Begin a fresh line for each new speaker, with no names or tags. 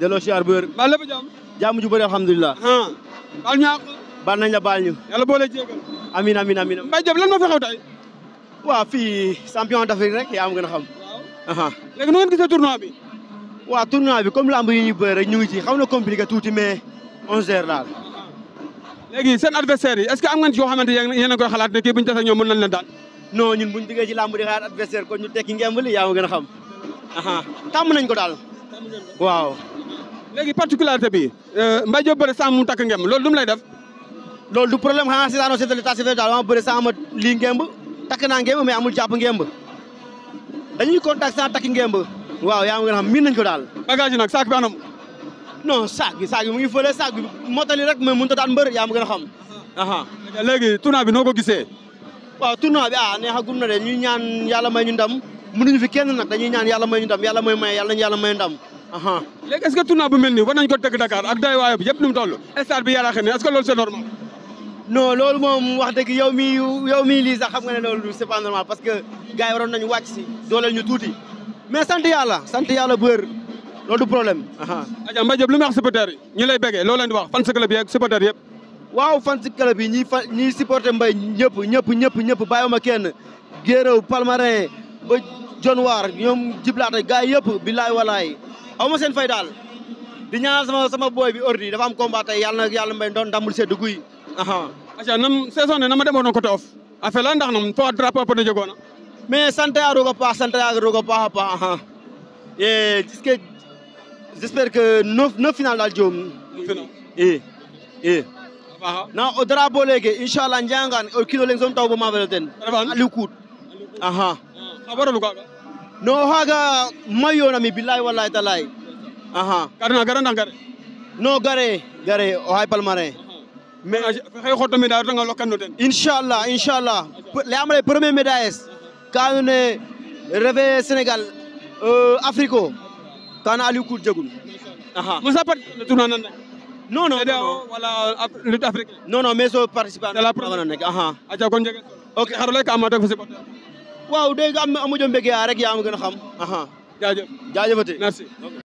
delo ci arbeur wér ba jam jam ju bëri alhamdullilah ha ñu ñak bal nañ la bal ñu yalla bo boole jégal amin amin amin Mbaye Diop lan moo fi xew tey waaw fii champion d'Afrique rek ya am gëna a xam aha léegi nu ngeen gisé tournoi bi wa tournoi bi comme lamb yi ñu bëri rek ñu ngi ci xaw compliqué touti mais 11h daal légui sen adversaire yi est-ce que am ngeen ci yoo yeen nga a koy xalaat ne ki buñu ñu tasee ñoom mën nañ leen dal non ñun buñu diggé ci lamb di xaar adversaire ko ñu tekki ngemb ya am gëna gën a xam aha tàmm nañ ko dal waaw léegi particularité bi euh, Mbaye Diop bëri sans mu takk ngemb loolu du mu lay def. loolu du problème xanaa a daanoo chef de l'état chef de l'état dama bëri lii ngemb takk naa ngemb mais amul jàpp ngemb dañuy contact takk ngemb. waaw yaa ngi xam miin nañ ko daal. bagage nag saak bi anam. non saak bi saak bi mu ngi fële saak bi motali rek mais mënut a mbër yaa ma gën a xam. léegi tournoi bi noo ko gisee. waaw tournoi bi ah neexagum na de ñuy ñaan yàlla may ñu ndam mënuñu fi yàlla may ñu ndam yàlla may may Uh-huh. léegi est-ce que tournoi bu mel nii war nañ ko tëgg Dakar ak doy waayo bi yëpp nu mu toll bi yaraaxe ne est c'est normal non loolu moom wax dëgg yow mi yow mii lii sax xam nga ne loolu c'est pas normal parce que gars yi waroon nañu wàcc si dooleel ñu tuuti mais sant yàlla sant yàlla bu wér loolu du problème uh-huh. aja Mbaye lu nga wax yi ñu lay béggee loolu leen di wax fan si yi ak supporters waaw fan si yi ñi fa ñiy supporter Mbaye ñëpp ñëpp ñëpp ñëpp bàyyiwuma kenn géréw palmarin ba John Waar ñoom jiblaata aw ma seen fay daal di ñaanal sama sama booy bi ordi dafa am combat yàlla na yàlla mbay doon ndamul seddu guy aha aca nam saison ne nama demoon côté of affaire la ndax nam fo drapeau pene jogoona mais sant yaa roog a paax sant yaa roog a paax a paax aha e jusque j'espère que neuf final daal joom na o drapeau leke inchallah njangan o kilo leng soom taw bo ah, ma felo ten Aliou no haga na mi billahi wallahi talai aha karna garana gar no gare gare o hay palmare me hay xoto mi daaro nga lokkan no den inshallah inshallah le amale premier médailles kanune reve senegal euh africo kana ali kou jagul aha musa pat tourna nan non non wala lutte afrique non non mais so participant de la première nek aha a kon djegal ok xarole ka amata ko supporter waaw dégg nga am na amu jëm bëggee rek yaa ma gën a xam. jaajëf jaajëfate merci.